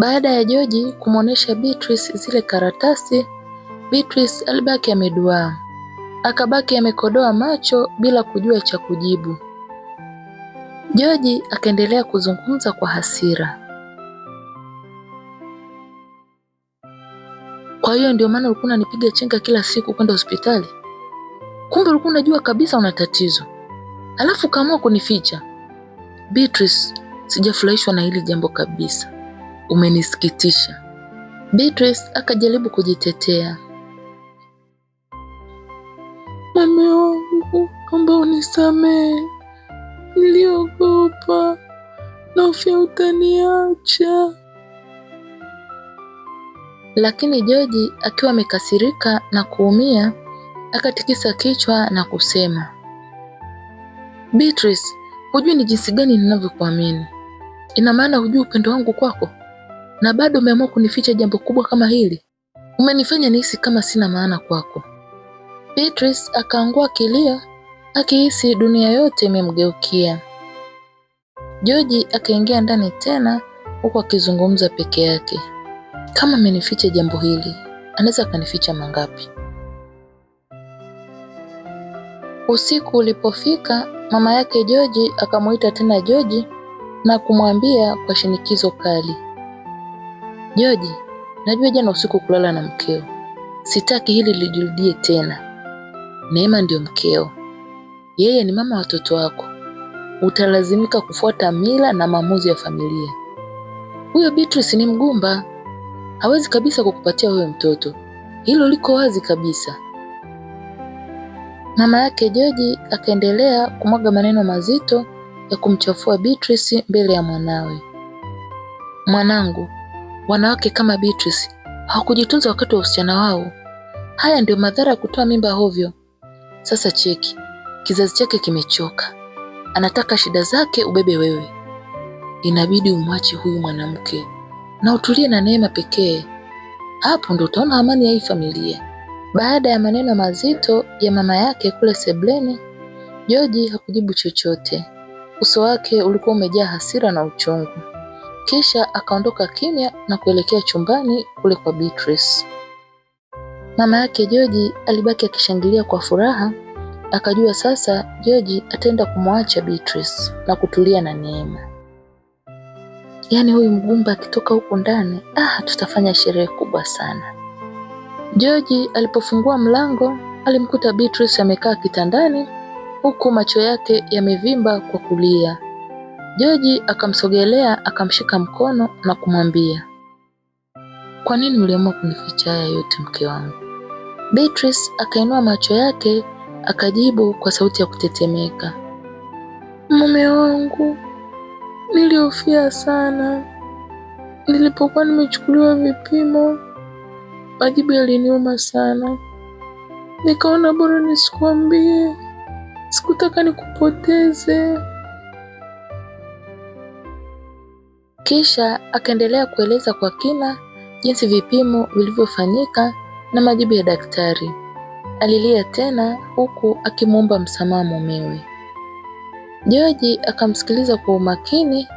Baada ya George kumwonyesha Beatrice zile karatasi, Beatrice alibaki ameduaa, akabaki amekodoa macho bila kujua cha kujibu. George akaendelea kuzungumza kwa hasira. Kwa hiyo ndio maana ulikuwa unanipiga chenga kila siku kwenda hospitali? Kumbe ulikuwa unajua kabisa una tatizo, alafu ukaamua kunificha. Beatrice, sijafurahishwa na hili jambo kabisa umenisikitisha. Beatrice akajaribu kujitetea. Mume wangu, naomba unisamehe, niliogopa, ufia utaniacha. Lakini Joji akiwa amekasirika na kuumia, akatikisa kichwa na kusema, Beatrice, hujui ni jinsi gani ninavyokuamini. Ina maana hujui upendo wangu kwako? na bado umeamua kunificha jambo kubwa kama hili. Umenifanya nihisi kama sina maana kwako. Beatrice akaangua kilia akihisi dunia yote imemgeukia. Joji akaingia ndani tena, huku akizungumza peke yake. Kama amenificha jambo hili, anaweza akanificha mangapi? Usiku ulipofika, mama yake Joji akamwita tena Joji na kumwambia kwa shinikizo kali, Joji, najua jana usiku kulala na mkeo, sitaki hili lijirudie tena. Neema ndio mkeo, yeye ni mama watoto wako, utalazimika kufuata mila na maamuzi ya familia. Huyo Beatrice ni mgumba, hawezi kabisa kukupatia huyo mtoto, hilo liko wazi kabisa. Mama yake Joji akaendelea kumwaga maneno mazito ya kumchafua Beatrice mbele ya mwanawe. Mwanangu, Wanawake kama Beatrice hawakujitunza wakati wa usichana wao. Haya ndio madhara ya kutoa mimba hovyo. Sasa cheki, kizazi chake kimechoka, anataka shida zake ubebe wewe. Inabidi umwache huyu mwanamke na utulie na Neema pekee. Hapo ndo utaona amani ya hii familia. Baada ya maneno mazito ya mama yake kule sebleni, Joji hakujibu chochote. Uso wake ulikuwa umejaa hasira na uchungu kisha akaondoka kimya na kuelekea chumbani kule kwa Beatrice. Mama yake Joji alibaki akishangilia kwa furaha, akajua sasa Joji ataenda kumwacha Beatrice na kutulia na Neema. Yaani huyu mgumba akitoka huko ndani, ah, tutafanya sherehe kubwa sana. Joji alipofungua mlango alimkuta Beatrice amekaa kitandani huku macho yake yamevimba kwa kulia. Joji akamsogelea akamshika mkono na kumwambia, kwa nini uliamua kunificha haya yote mke wangu? Beatrice akainua macho yake akajibu kwa sauti ya kutetemeka, mume wangu, nilihofia sana nilipokuwa nimechukuliwa vipimo, majibu yaliniuma sana, nikaona bora nisikuambie, sikutaka nikupoteze. Kisha akaendelea kueleza kwa kina jinsi vipimo vilivyofanyika na majibu ya daktari. Alilia tena huku akimwomba msamaha mumewe. George akamsikiliza kwa umakini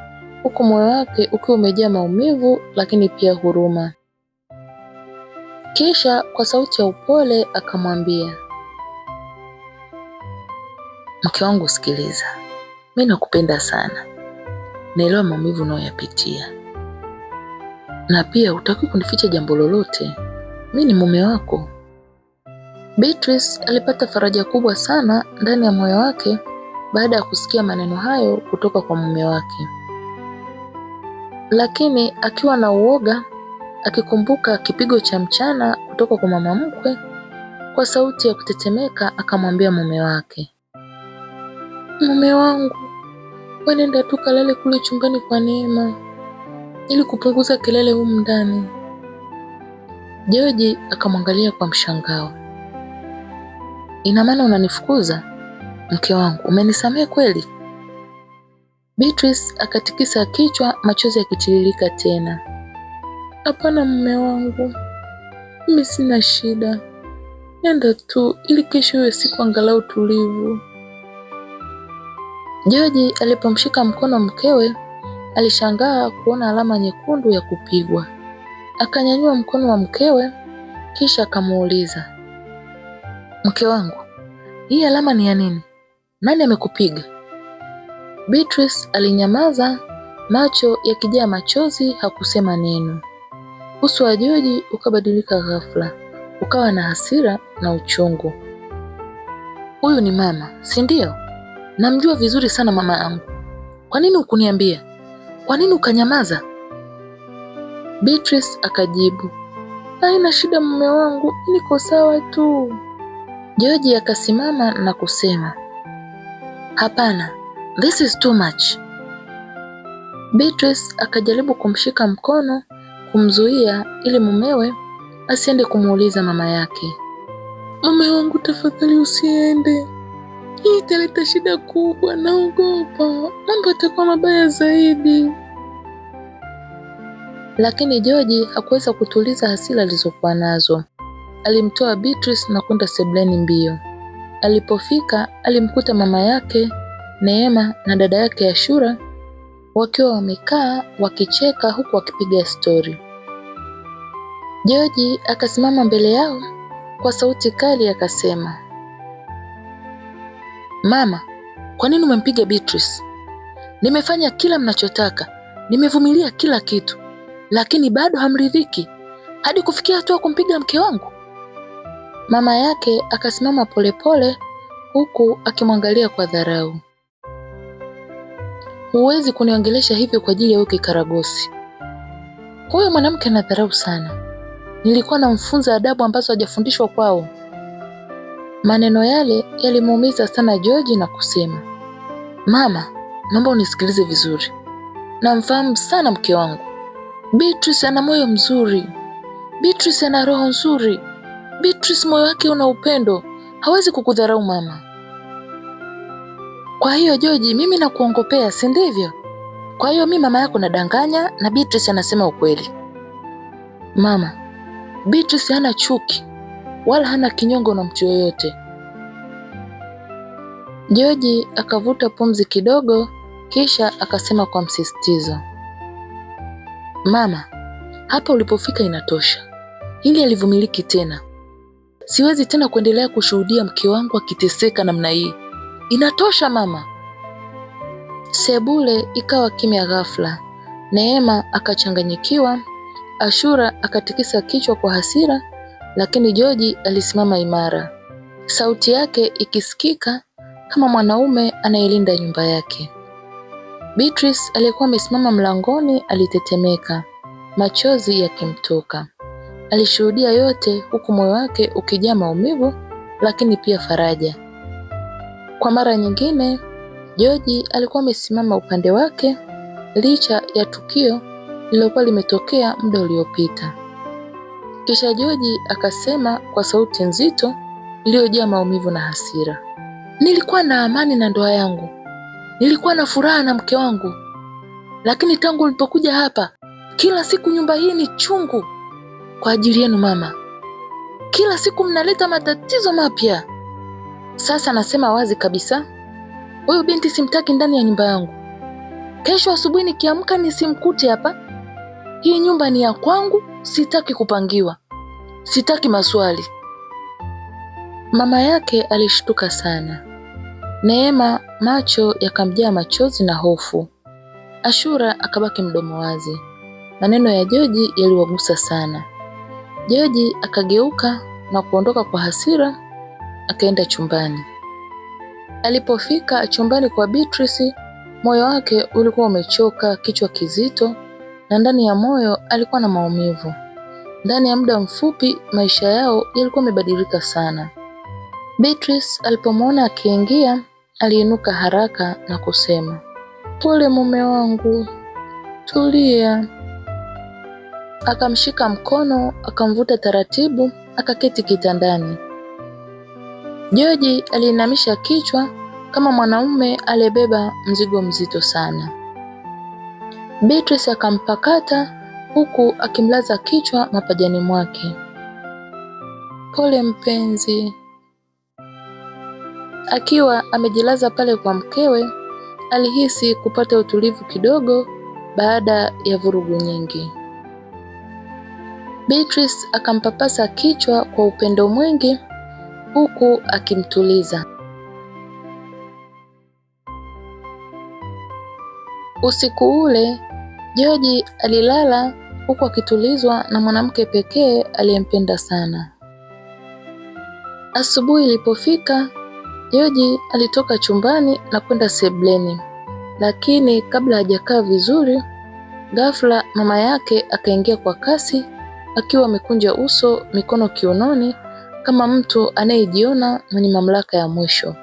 huku moyo wake ukiwa umejaa maumivu lakini pia huruma. Kisha kwa sauti ya upole akamwambia, mke wangu, sikiliza, mi nakupenda sana naelewa maumivu unayoyapitia, na pia hutaki kunificha jambo lolote. Mi ni mume wako. Beatrice alipata faraja kubwa sana ndani ya moyo wake baada ya kusikia maneno hayo kutoka kwa mume wake, lakini akiwa na uoga, akikumbuka kipigo cha mchana kutoka kwa mama mkwe, kwa sauti ya kutetemeka akamwambia mume wake, mume wangu We nenda tu kalale kule chumbani kwa Neema ili kupunguza kelele humu ndani. Joji akamwangalia kwa mshangao. Ina maana unanifukuza mke wangu? Umenisamehe kweli? Beatrice akatikisa kichwa, machozi yakitiririka tena. Hapana mume wangu, mimi sina shida, nenda tu ili kesho iwe siku angalau tulivu joji alipomshika mkono mkewe alishangaa kuona alama nyekundu ya kupigwa. Akanyanyua mkono wa mkewe kisha akamuuliza, mke wangu, hii alama ni ya nini? Nani amekupiga? Beatrice alinyamaza, macho yakijaa machozi, hakusema neno. Uso wa Joji ukabadilika ghafla, ukawa na hasira na uchungu. Huyu ni mama, si ndio? Namjua vizuri sana mama yangu. Kwa nini hukuniambia? Kwa nini ukanyamaza? Beatrice akajibu, haina shida mume wangu, niko sawa tu. George akasimama na kusema, hapana, this is too much. Beatrice akajaribu kumshika mkono kumzuia ili mumewe asiende kumuuliza mama yake. Mume wangu, tafadhali usiende. Hii italeta shida kubwa, naogopa mambo yatakuwa mabaya zaidi. Lakini George hakuweza kutuliza hasira alizokuwa nazo. Alimtoa Beatrice na kwenda sebleni mbio. Alipofika alimkuta mama yake Neema na dada yake Ashura wakiwa wamekaa wakicheka huku wakipiga stori. George akasimama mbele yao kwa sauti kali akasema, Mama, kwa nini umempiga Beatrice? Nimefanya kila mnachotaka, nimevumilia kila kitu, lakini bado hamridhiki hadi kufikia hatua kumpiga mke wangu. Mama yake akasimama polepole, huku akimwangalia kwa dharau. Huwezi kuniongelesha hivyo kwa ajili ya huyo kikaragosi. Huyo mwanamke anadharau sana. Nilikuwa namfunza adabu ambazo hajafundishwa kwao. Maneno yale yalimuumiza sana George na kusema, mama, naomba unisikilize vizuri, namfahamu sana mke wangu Beatrice. Ana moyo mzuri, Beatrice ana roho nzuri, Beatrice moyo wake una upendo, hawezi kukudharau mama. Kwa hiyo George, mimi nakuongopea, si ndivyo? Kwa hiyo mi mama yako nadanganya na Beatrice anasema ukweli. Mama, Beatrice hana chuki wala hana kinyongo na mtu yoyote. Joji akavuta pumzi kidogo, kisha akasema kwa msisitizo, mama, hapa ulipofika inatosha. Hili alivumiliki tena, siwezi tena kuendelea kushuhudia mke wangu akiteseka namna hii. Inatosha mama. Sebule ikawa kimya ghafla. Neema akachanganyikiwa, Ashura akatikisa kichwa kwa hasira, lakini joji alisimama imara, sauti yake ikisikika kama mwanaume anayelinda nyumba yake. Beatrice aliyekuwa amesimama mlangoni alitetemeka, machozi yakimtoka. Alishuhudia yote huku moyo wake ukijaa maumivu lakini pia faraja. Kwa mara nyingine, joji alikuwa amesimama upande wake licha ya tukio lililokuwa limetokea muda uliopita. Kisha Joji akasema kwa sauti nzito iliyojaa maumivu na hasira, nilikuwa na amani na ndoa yangu, nilikuwa na furaha na mke wangu, lakini tangu ulipokuja hapa, kila siku nyumba hii ni chungu kwa ajili yenu mama, kila siku mnaleta matatizo mapya. Sasa nasema wazi kabisa, huyu binti simtaki ndani ya nyumba yangu. Kesho asubuhi nikiamka nisimkute hapa, hii nyumba ni ya kwangu Sitaki kupangiwa, sitaki maswali. Mama yake alishtuka sana. Neema macho yakamjaa machozi na hofu. Ashura akabaki mdomo wazi. Maneno ya Joji yaliwagusa sana. Joji akageuka na kuondoka kwa hasira, akaenda chumbani. Alipofika chumbani kwa Beatrice, moyo wake ulikuwa umechoka, kichwa kizito, na ndani ya moyo alikuwa na maumivu. Ndani ya muda mfupi maisha yao yalikuwa yamebadilika sana. Beatrice alipomwona akiingia, aliinuka haraka na kusema, pole mume wangu, tulia. Akamshika mkono, akamvuta taratibu, akaketi kitandani. Joji aliinamisha kichwa kama mwanaume aliyebeba mzigo mzito sana. Beatrice akampakata huku akimlaza kichwa mapajani mwake. Pole mpenzi. Akiwa amejilaza pale kwa mkewe, alihisi kupata utulivu kidogo baada ya vurugu nyingi. Beatrice akampapasa kichwa kwa upendo mwingi huku akimtuliza. Usiku ule George alilala huku akitulizwa na mwanamke pekee aliyempenda sana. Asubuhi ilipofika, George alitoka chumbani na kwenda sebleni, lakini kabla hajakaa vizuri, ghafla mama yake akaingia kwa kasi akiwa amekunja uso, mikono kiunoni, kama mtu anayejiona mwenye mamlaka ya mwisho.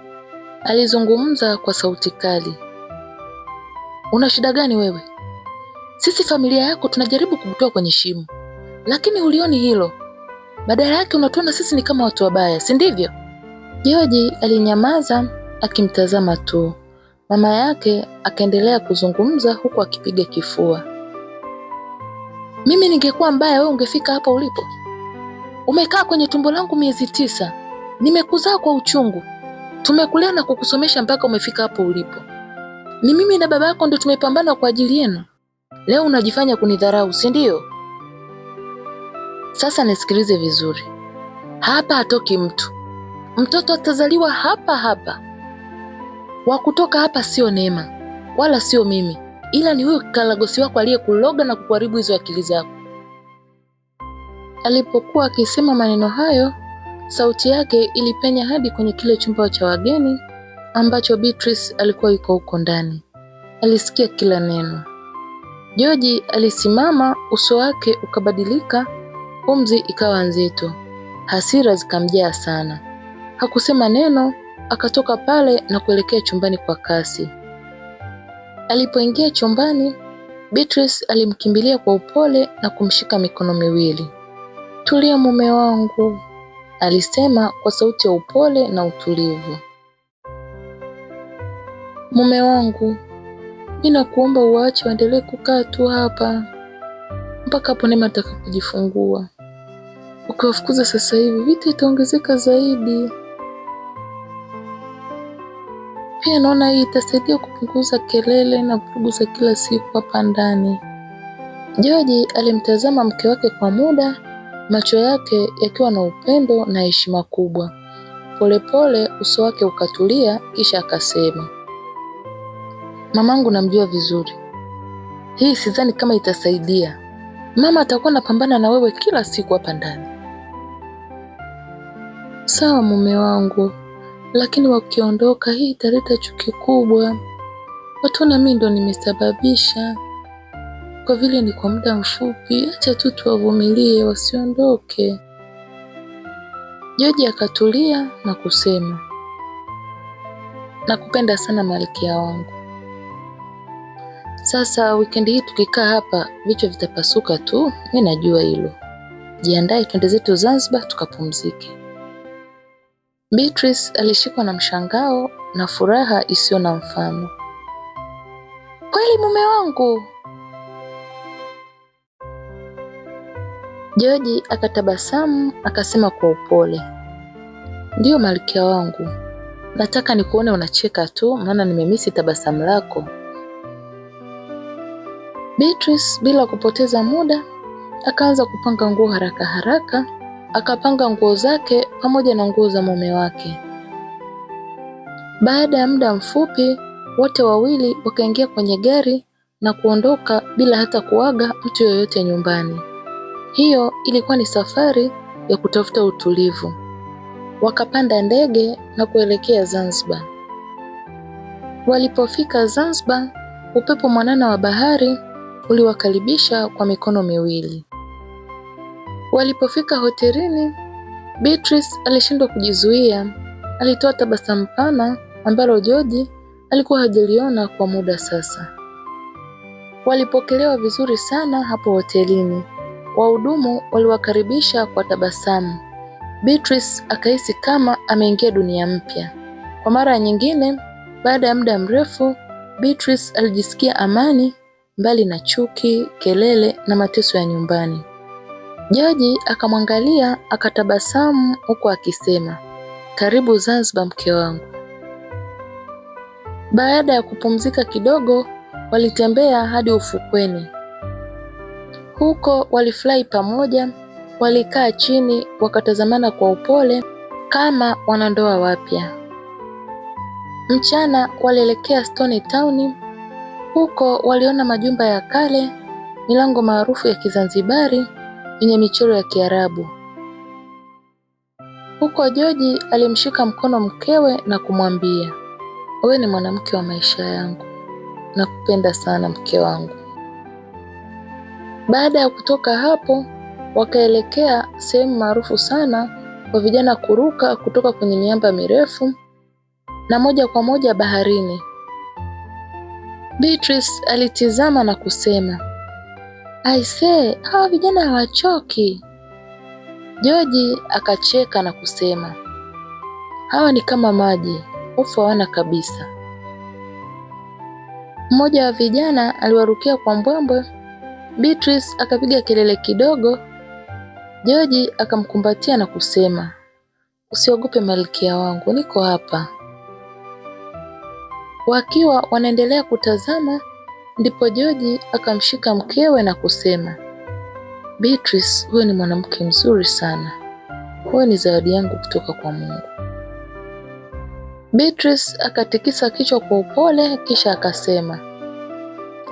Alizungumza kwa sauti kali, una shida gani wewe? Sisi familia yako tunajaribu kukutoa kwenye shimo, lakini ulioni hilo. Badala yake unatuona sisi ni kama watu wabaya, si ndivyo? Joji alinyamaza akimtazama tu. Mama yake akaendelea kuzungumza huku akipiga kifua. Mimi ningekuwa mbaya, wewe ungefika hapa ulipo? Umekaa kwenye tumbo langu miezi tisa, nimekuzaa kwa uchungu, tumekulea na kukusomesha mpaka umefika hapo ulipo. Ni mimi na baba yako ndio tumepambana kwa ajili yenu. Leo unajifanya kunidharau, si ndio? Sasa nisikilize vizuri, hapa hatoki mtu. Mtoto atazaliwa hapa hapa. Wa kutoka hapa sio Neema wala sio mimi, ila ni huyo kalagosi wako aliyekuloga na kukuharibu hizo akili zako. Alipokuwa akisema maneno hayo, sauti yake ilipenya hadi kwenye kile chumba cha wageni ambacho Beatrice alikuwa yuko huko ndani. Alisikia kila neno joji alisimama, uso wake ukabadilika, pumzi ikawa nzito, hasira zikamjaa sana. Hakusema neno, akatoka pale na kuelekea chumbani kwa kasi. Alipoingia chumbani, Beatrice alimkimbilia kwa upole na kumshika mikono miwili. Tulia mume wangu, alisema kwa sauti ya upole na utulivu. Mume wangu, Mi nakuomba uache waendelee kukaa tu hapa mpaka hapo Neema atakapojifungua. Ukiwafukuza sasa hivi vita itaongezeka zaidi. Pia naona hii itasaidia kupunguza kelele na vurugu za kila siku hapa ndani. Joji alimtazama mke wake kwa muda, macho yake yakiwa na upendo na heshima kubwa. Polepole uso wake ukatulia, kisha akasema Mamangu namjua vizuri, hii sidhani kama itasaidia. Mama atakuwa anapambana na wewe kila siku hapa ndani. Sawa mume wangu, lakini wakiondoka, hii italeta chuki kubwa. na mimi ndo nimesababisha. Kwa vile ni kwa muda mfupi, acha tu tuwavumilie wasiondoke. Joji akatulia na kusema, nakupenda sana malkia wangu sasa wikendi hii tukikaa hapa vichwa vitapasuka tu, mi najua hilo. Jiandae twende zetu Zanzibar tukapumzike. Beatrice alishikwa na mshangao na furaha isiyo na mfano. Kweli mume wangu? Joji akatabasamu akasema kwa upole, ndiyo malkia wangu, nataka nikuone unacheka tu, maana nimemisi tabasamu lako. Beatrice bila kupoteza muda akaanza kupanga nguo haraka haraka, akapanga nguo zake pamoja na nguo za mume wake. Baada ya muda mfupi, wote wawili wakaingia kwenye gari na kuondoka bila hata kuaga mtu yoyote nyumbani. Hiyo ilikuwa ni safari ya kutafuta utulivu. Wakapanda ndege na kuelekea Zanzibar. Walipofika Zanzibar, upepo mwanana wa bahari uliwakaribisha kwa mikono miwili. Walipofika hotelini, Beatrice alishindwa kujizuia, alitoa tabasamu pana ambalo George alikuwa hajaliona kwa muda sasa. Walipokelewa vizuri sana hapo hotelini. Wahudumu waliwakaribisha kwa tabasamu. Beatrice akahisi kama ameingia dunia mpya. Kwa mara nyingine, baada ya muda mrefu, Beatrice alijisikia amani mbali na chuki, kelele na mateso ya nyumbani. Jaji akamwangalia akatabasamu huku akisema, karibu Zanzibar mke wangu. Baada ya kupumzika kidogo, walitembea hadi ufukweni. Huko walifurahi pamoja, walikaa chini wakatazamana kwa upole kama wanandoa wapya. Mchana walielekea Stone Town huko waliona majumba ya kale, milango maarufu ya Kizanzibari yenye michoro ya Kiarabu. Huko George alimshika mkono mkewe na kumwambia, wewe ni mwanamke wa maisha yangu, nakupenda sana mke wangu. Baada ya kutoka hapo, wakaelekea sehemu maarufu sana kwa vijana kuruka kutoka kwenye miamba mirefu na moja kwa moja baharini. Beatrice alitizama na kusema, aisee, hawa vijana hawachoki. George akacheka na kusema, hawa ni kama maji, hofu hawana kabisa. Mmoja wa vijana aliwarukia kwa mbwembwe. Beatrice akapiga kelele kidogo. Joji akamkumbatia na kusema, usiogope malkia wangu, niko hapa. Wakiwa wanaendelea kutazama, ndipo George akamshika mkewe na kusema, Beatrice, huyo ni mwanamke mzuri sana, huyo ni zawadi yangu kutoka kwa Mungu. Beatrice akatikisa kichwa kwa upole, kisha akasema,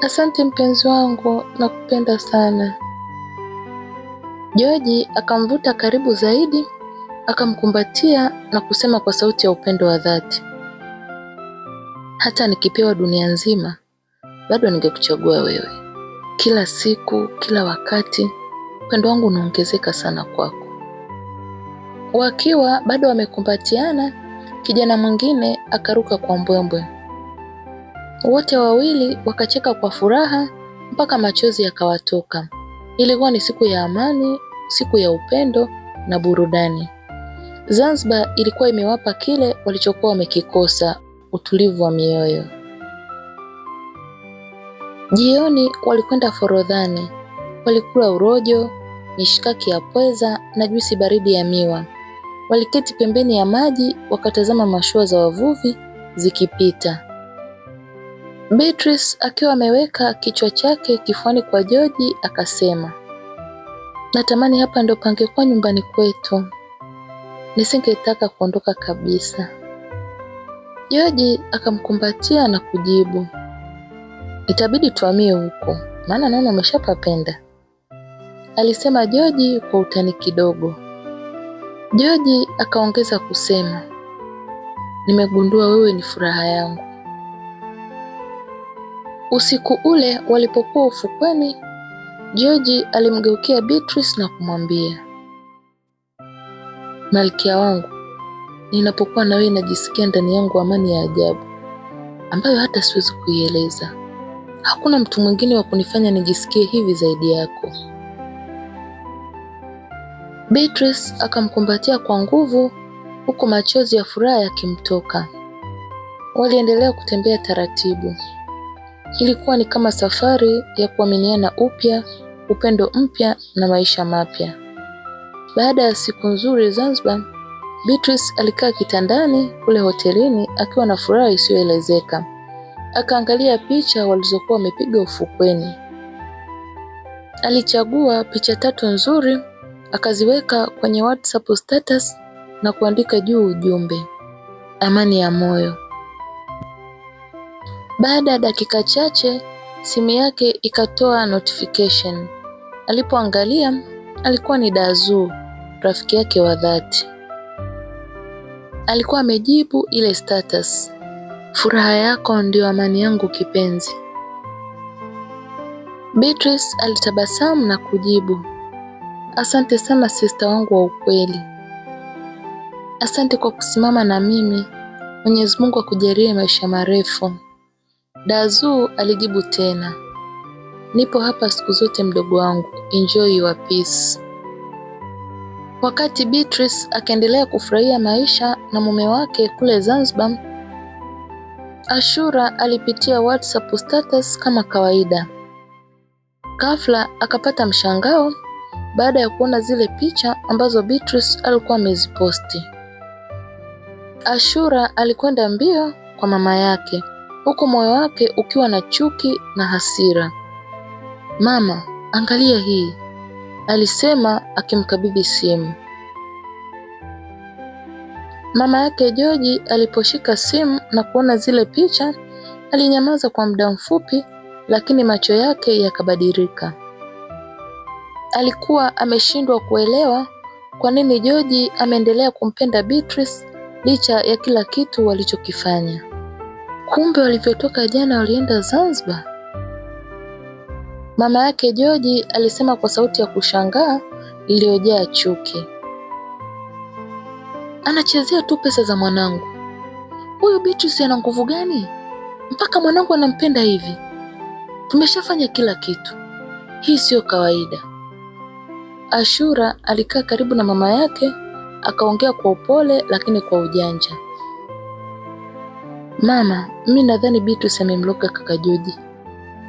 asante mpenzi wangu, nakupenda sana. George akamvuta karibu zaidi, akamkumbatia na kusema kwa sauti ya upendo wa dhati, hata nikipewa dunia nzima bado ningekuchagua wewe. Kila siku, kila wakati, upendo wangu unaongezeka sana kwako. Wakiwa bado wamekumbatiana, kijana mwingine akaruka kwa mbwembwe. Wote wawili wakacheka kwa furaha mpaka machozi yakawatoka. Ilikuwa ni siku ya amani, siku ya upendo na burudani. Zanzibar ilikuwa imewapa kile walichokuwa wamekikosa utulivu wa mioyo. Jioni walikwenda Forodhani, walikula urojo, mishikaki ya pweza na juisi baridi ya miwa. Waliketi pembeni ya maji wakatazama mashua za wavuvi zikipita. Beatrice akiwa ameweka kichwa chake kifuani kwa George akasema, natamani hapa ndo pangekuwa nyumbani kwetu, nisingetaka kuondoka kabisa. Jaji akamkumbatia na kujibu, itabidi tuhamie huko, maana naona umeshapapenda, alisema Joji kwa utani kidogo. Joji akaongeza kusema, nimegundua wewe ni furaha yangu. Usiku ule walipokuwa ufukweni, Joji alimgeukia Beatrice na kumwambia, malkia wangu Ninapokuwa na wewe, najisikia ndani yangu amani ya ajabu ambayo hata siwezi kuieleza. Hakuna mtu mwingine wa kunifanya nijisikie hivi zaidi yako. Beatrice akamkumbatia kwa nguvu huku machozi ya furaha yakimtoka. Waliendelea kutembea taratibu. Ilikuwa ni kama safari ya kuaminiana upya, upendo mpya na maisha mapya. Baada ya siku nzuri Zanzibar Beatrice alikaa kitandani kule hotelini akiwa na furaha isiyoelezeka. Akaangalia picha walizokuwa wamepiga ufukweni. Alichagua picha tatu nzuri akaziweka kwenye WhatsApp status na kuandika juu ujumbe, amani ya moyo. Baada ya dakika chache simu yake ikatoa notification. Alipoangalia alikuwa ni Dazuu, rafiki yake wa dhati. Alikuwa amejibu ile status, furaha yako ndio amani yangu kipenzi. Beatrice alitabasamu na kujibu, asante sana sista wangu wa ukweli, asante kwa kusimama na mimi. Mwenyezi Mungu akujalie maisha marefu. Dazu alijibu tena, nipo hapa siku zote mdogo wangu, enjoy your peace. Wakati Beatrice akaendelea kufurahia maisha na mume wake kule Zanzibar, Ashura alipitia WhatsApp status kama kawaida. Ghafla akapata mshangao baada ya kuona zile picha ambazo Beatrice alikuwa ameziposti. Ashura alikwenda mbio kwa mama yake huku moyo wake ukiwa na chuki na hasira. Mama, angalia hii alisema akimkabidhi simu. Mama yake George aliposhika simu na kuona zile picha alinyamaza kwa muda mfupi, lakini macho yake yakabadilika. Alikuwa ameshindwa kuelewa kwa nini George ameendelea kumpenda Beatrice licha ya kila kitu walichokifanya. Kumbe walivyotoka jana walienda Zanzibar. Mama yake joji alisema kwa sauti ya kushangaa iliyojaa chuki. Anachezea tu pesa za mwanangu. Huyu Beatrice ana nguvu gani mpaka mwanangu anampenda hivi? Tumeshafanya kila kitu, hii siyo kawaida. Ashura alikaa karibu na mama yake akaongea kwa upole lakini kwa ujanja. Mama, mimi nadhani Beatrice amemloka kaka joji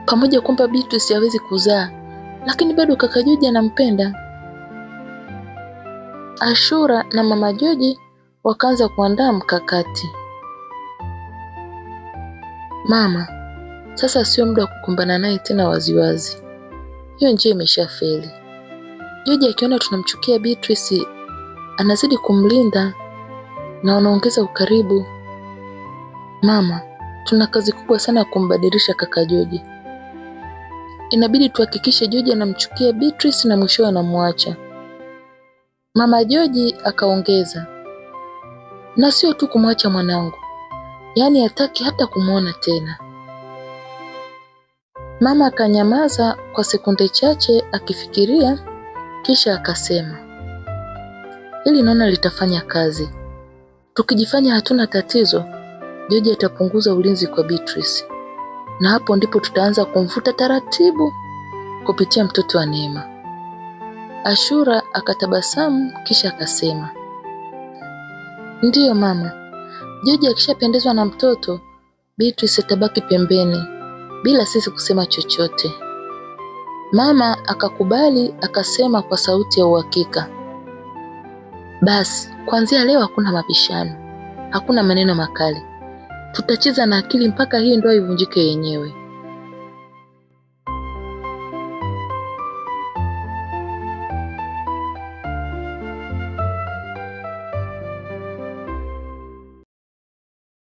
pamoja kwamba Beatrice hawezi kuzaa, lakini bado kaka Joji anampenda. Ashura na mama Joji wakaanza kuandaa mkakati. Mama sasa sio muda wa kukumbana naye tena waziwazi, hiyo njia imeshafeli. Joji akiona tunamchukia Beatrice anazidi kumlinda na wanaongeza ukaribu. Mama, tuna kazi kubwa sana ya kumbadilisha kaka Joji inabidi tuhakikishe Joji anamchukia Beatrice na mwishowe anamwacha. Mama Joji akaongeza, na sio tu kumwacha mwanangu, yaani hataki hata kumwona tena. Mama akanyamaza kwa sekunde chache akifikiria, kisha akasema, hili naona litafanya kazi. Tukijifanya hatuna tatizo, Joji atapunguza ulinzi kwa Beatrice na hapo ndipo tutaanza kumvuta taratibu kupitia mtoto wa Neema. Ashura akatabasamu kisha akasema, ndiyo mama, Joji akishapendezwa na mtoto Beatrice atabaki pembeni bila sisi kusema chochote. Mama akakubali akasema kwa sauti ya uhakika, basi kuanzia leo hakuna mabishano, hakuna maneno makali, tutacheza na akili mpaka hii ndoa ivunjike yenyewe.